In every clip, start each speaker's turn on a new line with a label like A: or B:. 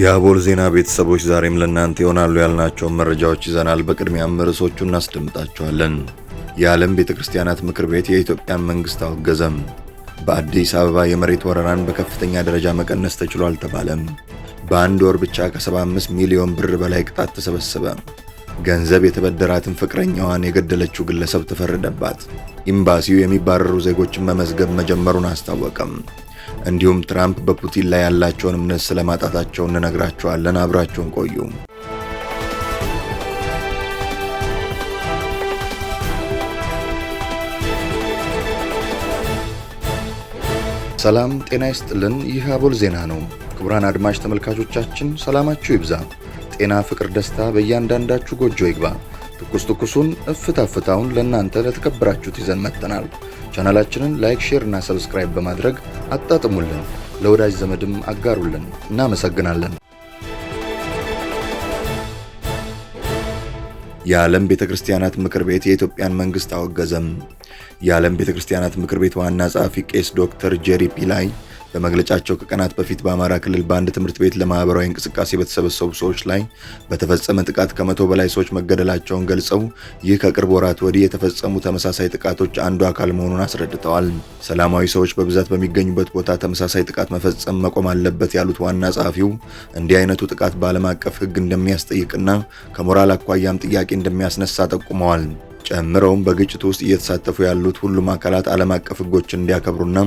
A: የአቦል ዜና ቤተሰቦች ዛሬም ለእናንተ ይሆናሉ ያልናቸውን መረጃዎች ይዘናል። በቅድሚያም ርዕሶቹ እናስደምጣቸዋለን። የዓለም ቤተ ክርስቲያናት ምክር ቤት የኢትዮጵያን መንግሥት አወገዘም። በአዲስ አበባ የመሬት ወረራን በከፍተኛ ደረጃ መቀነስ ተችሎ አልተባለም። በአንድ ወር ብቻ ከ75 ሚሊዮን ብር በላይ ቅጣት ተሰበሰበ። ገንዘብ የተበደራትን ፍቅረኛዋን የገደለችው ግለሰብ ተፈረደባት። ኤምባሲው የሚባረሩ ዜጎችን መመዝገብ መጀመሩን አስታወቀም። እንዲሁም ትራምፕ በፑቲን ላይ ያላቸውን እምነት ስለማጣታቸው እንነግራቸዋለን። አብራችሁን ቆዩ።
B: ሰላም ጤና ይስጥልን። ይህ አቦል ዜና ነው። ክቡራን አድማጭ ተመልካቾቻችን ሰላማችሁ ይብዛ፣ ጤና፣ ፍቅር፣ ደስታ በእያንዳንዳችሁ ጎጆ ይግባ። ትኩስ ትኩሱን እፍታ ፍታውን ለእናንተ ለተከበራችሁት ይዘን መጥተናል። ቻናላችንን ላይክ፣ ሼር እና ሰብስክራይብ በማድረግ አጣጥሙልን፣ ለወዳጅ ዘመድም አጋሩልን። እናመሰግናለን።
A: የዓለም ቤተ ክርስቲያናት ምክር ቤት የኢትዮጵያን መንግሥት አወገዘም። የዓለም ቤተ ክርስቲያናት ምክር ቤት ዋና ጸሐፊ ቄስ ዶክተር ጄሪ ፒላይ በመግለጫቸው ከቀናት በፊት በአማራ ክልል በአንድ ትምህርት ቤት ለማህበራዊ እንቅስቃሴ በተሰበሰቡ ሰዎች ላይ በተፈጸመ ጥቃት ከመቶ በላይ ሰዎች መገደላቸውን ገልጸው ይህ ከቅርብ ወራት ወዲህ የተፈጸሙ ተመሳሳይ ጥቃቶች አንዱ አካል መሆኑን አስረድተዋል። ሰላማዊ ሰዎች በብዛት በሚገኙበት ቦታ ተመሳሳይ ጥቃት መፈጸም መቆም አለበት ያሉት ዋና ጸሐፊው እንዲህ አይነቱ ጥቃት በዓለም አቀፍ ሕግ እንደሚያስጠይቅና ከሞራል አኳያም ጥያቄ እንደሚያስነሳ ጠቁመዋል። ጨምረውም በግጭት ውስጥ እየተሳተፉ ያሉት ሁሉም አካላት ዓለም አቀፍ ሕጎችን እንዲያከብሩና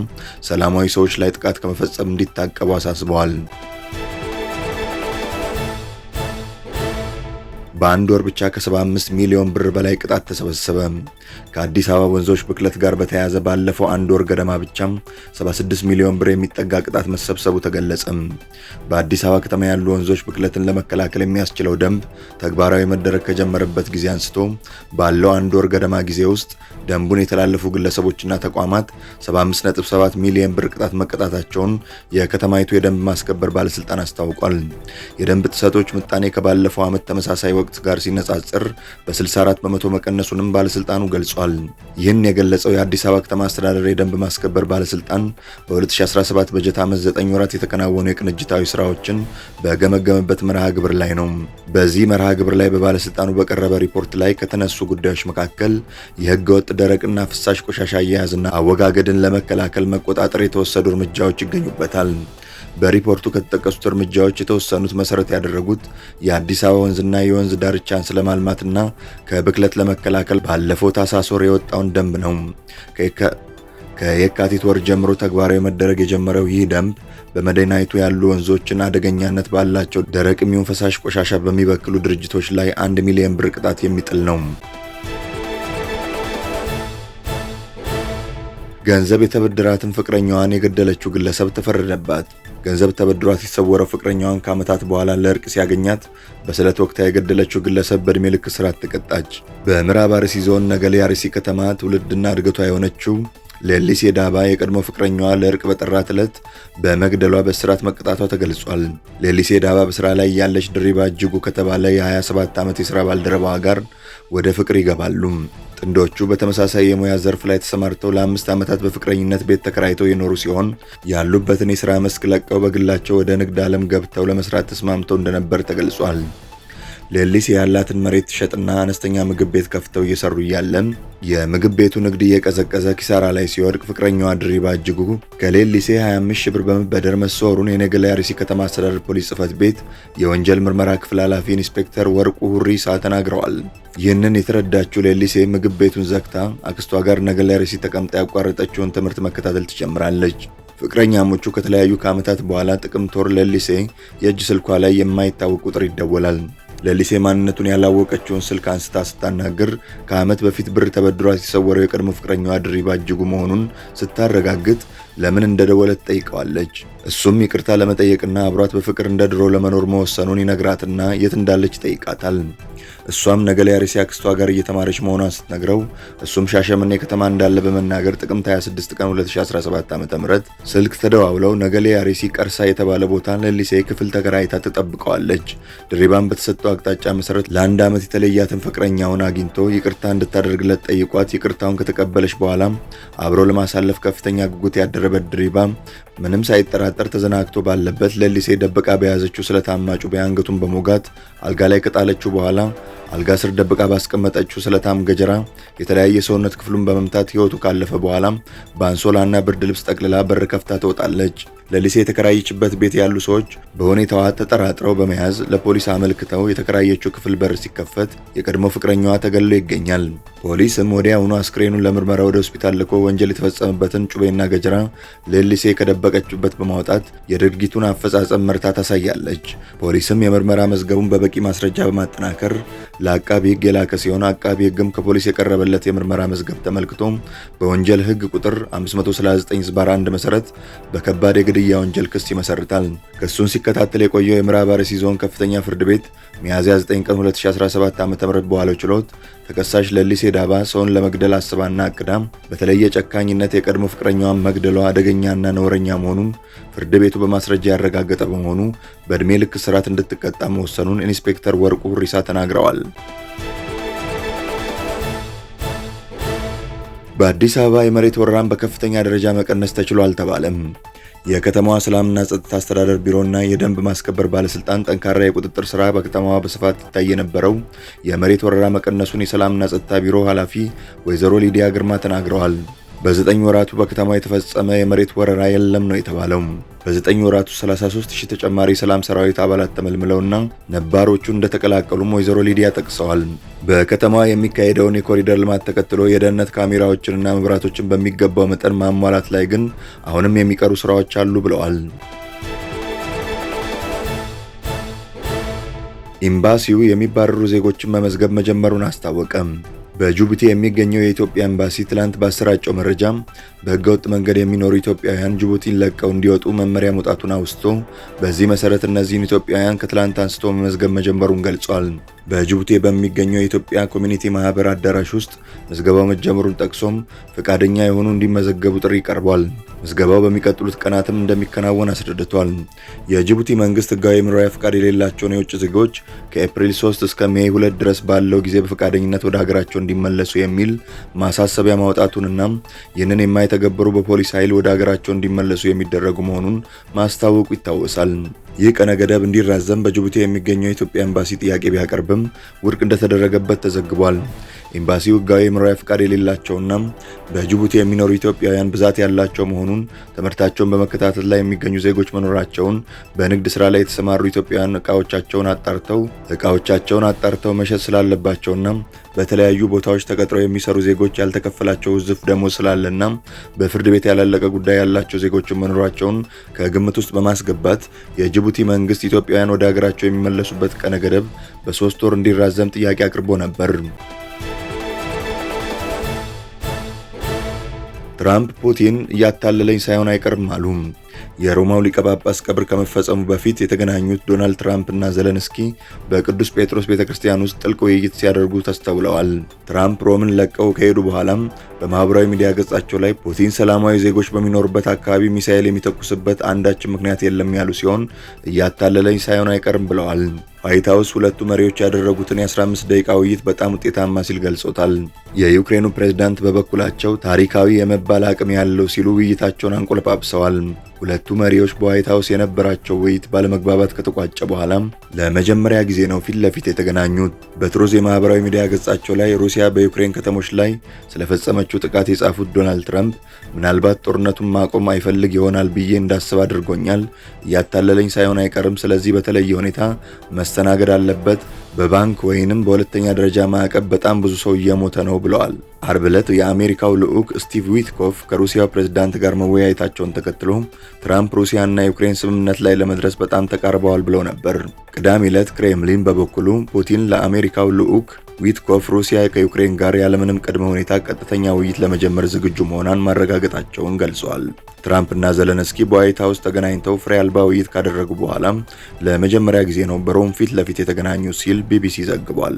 A: ሰላማዊ ሰዎች ላይ ጥቃት ከመፈጸም እንዲታቀቡ አሳስበዋል። በአንድ ወር ብቻ ከ75 ሚሊዮን ብር በላይ ቅጣት ተሰበሰበ። ከአዲስ አበባ ወንዞች ብክለት ጋር በተያያዘ ባለፈው አንድ ወር ገደማ ብቻም 76 ሚሊዮን ብር የሚጠጋ ቅጣት መሰብሰቡ ተገለጸ። በአዲስ አበባ ከተማ ያሉ ወንዞች ብክለትን ለመከላከል የሚያስችለው ደንብ ተግባራዊ መደረግ ከጀመረበት ጊዜ አንስቶ ባለው አንድ ወር ገደማ ጊዜ ውስጥ ደንቡን የተላለፉ ግለሰቦችና ተቋማት 757 ሚሊዮን ብር ቅጣት መቀጣታቸውን የከተማይቱ የደንብ ማስከበር ባለስልጣን አስታውቋል። የደንብ ጥሰቶች ምጣኔ ከባለፈው ዓመት ተመሳሳይ ወቅት ጋር ሲነጻጽር በ64 በመቶ መቀነሱንም ባለስልጣኑ ገልጿል። ይህን የገለጸው የአዲስ አበባ ከተማ አስተዳደር የደንብ ማስከበር ባለስልጣን በ2017 በጀት ዓመት 9 ወራት የተከናወኑ የቅንጅታዊ ስራዎችን በገመገመበት መርሃ ግብር ላይ ነው። በዚህ መርሃ ግብር ላይ በባለስልጣኑ በቀረበ ሪፖርት ላይ ከተነሱ ጉዳዮች መካከል የህገወጥ ደረቅና ፍሳሽ ቆሻሻ አያያዝና አወጋገድን ለመከላከል መቆጣጠር የተወሰዱ እርምጃዎች ይገኙበታል። በሪፖርቱ ከተጠቀሱት እርምጃዎች የተወሰኑት መሰረት ያደረጉት የአዲስ አበባ ወንዝና የወንዝ ዳርቻን ስለማልማትና ከብክለት ለመከላከል ባለፈው ታህሳስ ወር የወጣውን ደንብ ነው። ከየካቲት ወር ጀምሮ ተግባራዊ መደረግ የጀመረው ይህ ደንብ በመዲናይቱ ያሉ ወንዞችን አደገኛነት ባላቸው ደረቅ የሚሆን ፈሳሽ ቆሻሻ በሚበክሉ ድርጅቶች ላይ አንድ ሚሊዮን ብር ቅጣት የሚጥል ነው። ገንዘብ የተበደራትን ፍቅረኛዋን የገደለችው ግለሰብ ተፈረደባት። ገንዘብ ተበድሯት የተሰወረው ፍቅረኛዋን ከዓመታት በኋላ ለእርቅ ሲያገኛት በስለት ወቅታ የገደለችው ግለሰብ በእድሜ ልክ እስራት ተቀጣች። በምዕራብ አርሲ ዞን ነገሌ አርሲ ከተማ ትውልድና እድገቷ የሆነችው ሌሊሴ የዳባ የቀድሞ ፍቅረኛዋ ለእርቅ በጠራት ዕለት በመግደሏ በእስራት መቀጣቷ ተገልጿል። ሌሊሴ ዳባ በስራ ላይ ያለች ድሪባ እጅጉ ከተባለ የ27 ዓመት የሥራ ባልደረባዋ ጋር ወደ ፍቅር ይገባሉ። ጥንዶቹ በተመሳሳይ የሙያ ዘርፍ ላይ ተሰማርተው ለአምስት ዓመታት በፍቅረኝነት ቤት ተከራይተው የኖሩ ሲሆን ያሉበትን የሥራ መስክ ለቀው በግላቸው ወደ ንግድ ዓለም ገብተው ለመስራት ተስማምተው እንደነበር ተገልጿል። ለሊሴ ያላትን መሬት ትሸጥና አነስተኛ ምግብ ቤት ከፍተው እየሰሩ እያለም የምግብ ቤቱ ንግድ እየቀዘቀዘ ኪሳራ ላይ ሲወድቅ ፍቅረኛዋ ድሪባ እጅጉ ከሌሊሴ 25 ሺህ ብር በመበደር መሰወሩን የነገሌ አርሲ ከተማ አስተዳደር ፖሊስ ጽፈት ቤት የወንጀል ምርመራ ክፍል ኃላፊ ኢንስፔክተር ወርቁ ሁሪሳ ተናግረዋል። ይህንን የተረዳችው ሌሊሴ ምግብ ቤቱን ዘግታ አክስቷ ጋር ነገሌ አርሲ ተቀምጣ ያቋረጠችውን ትምህርት መከታተል ትጀምራለች። ፍቅረኛሞቹ ከተለያዩ ከዓመታት በኋላ ጥቅምት ወር ሌሊሴ የእጅ ስልኳ ላይ የማይታወቅ ቁጥር ይደወላል። ለሊሴ ማንነቱን ያላወቀችውን ስልክ አንስታ ስታናግር ከዓመት በፊት ብር ተበድሯት የሰወረው የቅድሞ ፍቅረኛዋ ድሪባ እጅጉ መሆኑን ስታረጋግጥ ለምን እንደደወለ ትጠይቀዋለች። እሱም ይቅርታ ለመጠየቅና አብሯት በፍቅር እንደ ድሮ ለመኖር መወሰኑን ይነግራትና የት እንዳለች ይጠይቃታል። እሷም ነገ ላይ አርሲ አክስቷ ጋር እየተማረች መሆኗን ስትነግረው እሱም ሻሸመኔ ከተማ እንዳለ በመናገር ጥቅምት 26 ቀን 2017 ም ስልክ ተደዋውለው ነገ ላይ አርሲ ቀርሳ የተባለ ቦታ ለሊሴ ክፍል ተከራይታ ትጠብቀዋለች። ድሪባን በተሰጠው አቅጣጫ መሰረት ለአንድ ዓመት የተለያትን ፍቅረኛውን አግኝቶ ይቅርታ እንድታደርግለት ጠይቋት ይቅርታውን ከተቀበለች በኋላም አብሮ ለማሳለፍ ከፍተኛ ጉጉት ያደረ übertrieben ምንም ሳይጠራጠር ተዘናግቶ ባለበት ለሊሴ ደብቃ በያዘችው ስለታማ ጩቤ አንገቱን በሞጋት አልጋ ላይ ከጣለችው በኋላ አልጋ ስር ደብቃ ባስቀመጠችው ስለታም ገጀራ የተለያየ ሰውነት ክፍሉን በመምታት ህይወቱ ካለፈ በኋላ በአንሶላና ብርድ ልብስ ጠቅልላ በር ከፍታ ትወጣለች። ለሊሴ የተከራየችበት ቤት ያሉ ሰዎች በሁኔታዋ ተጠራጥረው በመያዝ ለፖሊስ አመልክተው የተከራየችው ክፍል በር ሲከፈት የቀድሞ ፍቅረኛዋ ተገሎ ይገኛል። ፖሊስም ወዲያውኑ አስክሬኑን ለምርመራ ወደ ሆስፒታል ልኮ ወንጀል የተፈጸመበትን ጩቤና ገጀራ ለሊሴ ከደበ ከተደበቀችበት በማውጣት የድርጊቱን አፈጻጸም መርታ ታሳያለች። ፖሊስም የምርመራ መዝገቡን በበቂ ማስረጃ በማጠናከር ለአቃቢ ሕግ የላከ ሲሆን አቃቢ ሕግም ከፖሊስ የቀረበለት የምርመራ መዝገብ ተመልክቶ በወንጀል ሕግ ቁጥር 539/1 መሰረት በከባድ የግድያ ወንጀል ክስ ይመሰርታል። ክሱን ሲከታተል የቆየው የምዕራብ አርሲ ዞን ከፍተኛ ፍርድ ቤት ሚያዝያ 9 ቀን 2017 ዓ.ም በዋለው ችሎት ተከሳሽ ለሊሴ ዳባ ሰውን ለመግደል አስባና አቅዳም በተለየ ጨካኝነት የቀድሞ ፍቅረኛዋን መግደሏ አደገኛና ነውረኛ መሆኑን ፍርድ ቤቱ በማስረጃ ያረጋገጠ በመሆኑ በእድሜ ልክ እስራት እንድትቀጣ መወሰኑን ኢንስፔክተር ወርቁ ሪሳ ተናግረዋል። በአዲስ አበባ የመሬት ወረራን በከፍተኛ ደረጃ መቀነስ ተችሏል ተባለም። የከተማዋ ሰላምና ጸጥታ አስተዳደር ቢሮና የደንብ ማስከበር ባለስልጣን ጠንካራ የቁጥጥር ስራ በከተማዋ በስፋት ይታይ የነበረው የመሬት ወረራ መቀነሱን የሰላምና ጸጥታ ቢሮ ኃላፊ ወይዘሮ ሊዲያ ግርማ ተናግረዋል። በዘጠኝ ወራቱ በከተማ የተፈጸመ የመሬት ወረራ የለም ነው የተባለው። በዘጠኝ ወራቱ 33 ሺህ ተጨማሪ የሰላም ሰራዊት አባላት ተመልምለውና ነባሮቹ እንደተቀላቀሉም ወይዘሮ ሊዲያ ጠቅሰዋል። በከተማዋ የሚካሄደውን የኮሪደር ልማት ተከትሎ የደህንነት ካሜራዎችንና መብራቶችን በሚገባው መጠን ማሟላት ላይ ግን አሁንም የሚቀሩ ስራዎች አሉ ብለዋል። ኤምባሲው የሚባረሩ ዜጎችን መመዝገብ መጀመሩን አስታወቀም። በጅቡቲ የሚገኘው የኢትዮጵያ ኤምባሲ ትላንት ባሰራጨው መረጃ በህገወጥ መንገድ የሚኖሩ ኢትዮጵያውያን ጅቡቲን ለቀው እንዲወጡ መመሪያ መውጣቱን አውስቶ በዚህ መሰረት እነዚህን ኢትዮጵያውያን ከትላንት አንስቶ መመዝገብ መጀመሩን ገልጿል። በጅቡቲ በሚገኘው የኢትዮጵያ ኮሚኒቲ ማህበር አዳራሽ ውስጥ ምዝገባው መጀመሩን ጠቅሶም ፈቃደኛ የሆኑ እንዲመዘገቡ ጥሪ ቀርቧል። ምዝገባው በሚቀጥሉት ቀናትም እንደሚከናወን አስረድቷል። የጅቡቲ መንግስት ህጋዊ መኖሪያ ፈቃድ የሌላቸውን የውጭ ዜጎች ከኤፕሪል 3 እስከ ሜይ 2 ድረስ ባለው ጊዜ በፈቃደኝነት ወደ ሀገራቸው እንዲመለሱ የሚል ማሳሰቢያ ማውጣቱንና ይህንን የማይተገበሩ በፖሊስ ኃይል ወደ ሀገራቸው እንዲመለሱ የሚደረጉ መሆኑን ማስታወቁ ይታወሳል። ይህ ቀነ ገደብ እንዲራዘም በጅቡቲ የሚገኘው የኢትዮጵያ ኤምባሲ ጥያቄ ቢያቀርብም ውድቅ እንደተደረገበት ተዘግቧል። ኤምባሲው ህጋዊ የመኖሪያ ፈቃድ የሌላቸውና በጅቡቲ የሚኖሩ ኢትዮጵያውያን ብዛት ያላቸው መሆኑን፣ ትምህርታቸውን በመከታተል ላይ የሚገኙ ዜጎች መኖራቸውን፣ በንግድ ስራ ላይ የተሰማሩ ኢትዮጵያውያን እቃዎቻቸውን አጣርተው እቃዎቻቸውን አጣርተው መሸጥ ስላለባቸውና በተለያዩ ቦታዎች ተቀጥረው የሚሰሩ ዜጎች ያልተከፈላቸው ውዝፍ ደሞዝ ስላለና በፍርድ ቤት ያላለቀ ጉዳይ ያላቸው ዜጎችን መኖራቸውን ከግምት ውስጥ በማስገባት የጅቡቲ መንግስት ኢትዮጵያውያን ወደ ሀገራቸው የሚመለሱበት ቀነ ገደብ በሶስት ወር እንዲራዘም ጥያቄ አቅርቦ ነበር። ትራምፕ ፑቲን እያታለለኝ ሳይሆን አይቀርም አሉ። የሮማው ሊቀ ጳጳስ ቀብር ከመፈጸሙ በፊት የተገናኙት ዶናልድ ትራምፕ እና ዘለንስኪ በቅዱስ ጴጥሮስ ቤተ ክርስቲያን ውስጥ ጥልቅ ውይይት ሲያደርጉ ተስተውለዋል። ትራምፕ ሮምን ለቀው ከሄዱ በኋላም በማኅበራዊ ሚዲያ ገጻቸው ላይ ፑቲን ሰላማዊ ዜጎች በሚኖሩበት አካባቢ ሚሳኤል የሚተኩስበት አንዳችም ምክንያት የለም ያሉ ሲሆን እያታለለኝ ሳይሆን አይቀርም ብለዋል። ዋይት ሀውስ ሁለቱ መሪዎች ያደረጉትን የ15 ደቂቃ ውይይት በጣም ውጤታማ ሲል ገልጾታል። የዩክሬኑ ፕሬዝዳንት በበኩላቸው ታሪካዊ የመባል አቅም ያለው ሲሉ ውይይታቸውን አንቆለጳጵሰዋል። ሁለቱ መሪዎች በዋይት ሀውስ የነበራቸው ውይይት ባለመግባባት ከተቋጨ በኋላም ለመጀመሪያ ጊዜ ነው ፊት ለፊት የተገናኙት። በትሩዝ የማህበራዊ ሚዲያ ገጻቸው ላይ ሩሲያ በዩክሬን ከተሞች ላይ ስለፈጸመችው ጥቃት የጻፉት ዶናልድ ትራምፕ ምናልባት ጦርነቱን ማቆም አይፈልግ ይሆናል ብዬ እንዳስብ አድርጎኛል። እያታለለኝ ሳይሆን አይቀርም። ስለዚህ በተለየ ሁኔታ መስተናገድ አለበት። በባንክ ወይንም በሁለተኛ ደረጃ ማዕቀብ በጣም ብዙ ሰው እየሞተ ነው ብለዋል። አርብ ዕለት የአሜሪካው ልዑክ ስቲቭ ዊትኮፍ ከሩሲያው ፕሬዝዳንት ጋር መወያየታቸውን ተከትሎ ትራምፕ ሩሲያና ዩክሬን ስምምነት ላይ ለመድረስ በጣም ተቃርበዋል ብለው ነበር። ቅዳሜ ዕለት ክሬምሊን በበኩሉ ፑቲን ለአሜሪካው ልዑክ ዊትኮፍ ሩሲያ ከዩክሬን ጋር ያለምንም ቅድመ ሁኔታ ቀጥተኛ ውይይት ለመጀመር ዝግጁ መሆኗን ማረጋገጣቸውን ገልጿል። ትራምፕና ዘለንስኪ በዋይት ሀውስ ተገናኝተው ፍሬ አልባ ውይይት ካደረጉ በኋላ ለመጀመሪያ ጊዜ
B: ነው በሮም ፊት ለፊት የተገናኙ ሲል ቢቢሲ ዘግቧል።